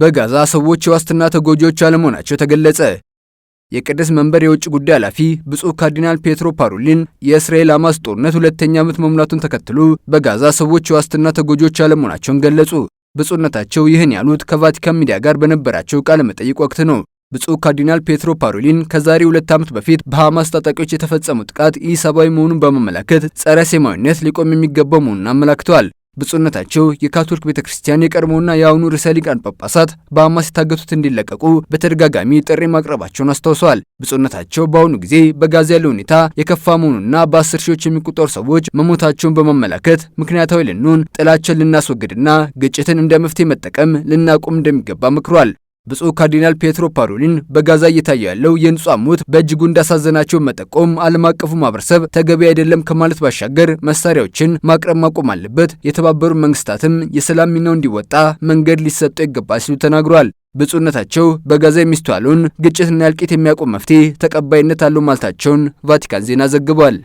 በጋዛ ሰዎች የዋስትና ተጎጂዎች አለመሆናቸው ተገለጸ። የቅድስ መንበር የውጭ ጉዳይ ኃላፊ ብፁዕ ካርዲናል ፔትሮ ፓሮሊን የእስራኤል ሐማስ ጦርነት ሁለተኛ ዓመት መሙላቱን ተከትሎ በጋዛ ሰዎች የዋስትና ተጎጂዎች አለመሆናቸውን ገለጹ። ብፁዕነታቸው ይህን ያሉት ከቫቲካን ሚዲያ ጋር በነበራቸው ቃለ መጠይቅ ወቅት ነው። ብፁዕ ካርዲናል ፔትሮ ፓሩሊን ከዛሬ ሁለት ዓመት በፊት በሐማስ ታጣቂዎች የተፈጸሙ ጥቃት ኢሰብአዊ መሆኑን በማመላከት ጸረ ሴማዊነት ሊቆም የሚገባው መሆኑን አመላክተዋል። ብፁዕነታቸው የካቶሊክ ቤተ ክርስቲያን የቀድሞውና የአሁኑ ርዕሰ ጳጳሳት በሐማስ የታገቱት እንዲለቀቁ በተደጋጋሚ ጥሪ ማቅረባቸውን አስታውሰዋል። ብፁዕነታቸው በአሁኑ ጊዜ በጋዛ ያለው ሁኔታ የከፋ መሆኑና በአስር ሺዎች የሚቆጠሩ ሰዎች መሞታቸውን በማመላከት ምክንያታዊ ልንሆን፣ ጥላቸውን ልናስወግድና ግጭትን እንደ መፍትሄ መጠቀም ልናቆም እንደሚገባ መክሯል። ብፁዕ ካርዲናል ፔትሮ ፓሮሊን በጋዛ እየታየ ያለው የንጹሐን ሞት በእጅጉ እንዳሳዘናቸው መጠቆም ዓለም አቀፉ ማህበረሰብ ተገቢ አይደለም ከማለት ባሻገር መሳሪያዎችን ማቅረብ ማቆም አለበት፣ የተባበሩ መንግስታትም የሰላም ሚናው እንዲወጣ መንገድ ሊሰጠው ይገባል ሲሉ ተናግሯል። ብፁዕነታቸው በጋዛ የሚስተዋለውን ግጭትና እልቂት የሚያቆም መፍትሄ ተቀባይነት አለው ማለታቸውን ቫቲካን ዜና ዘግቧል።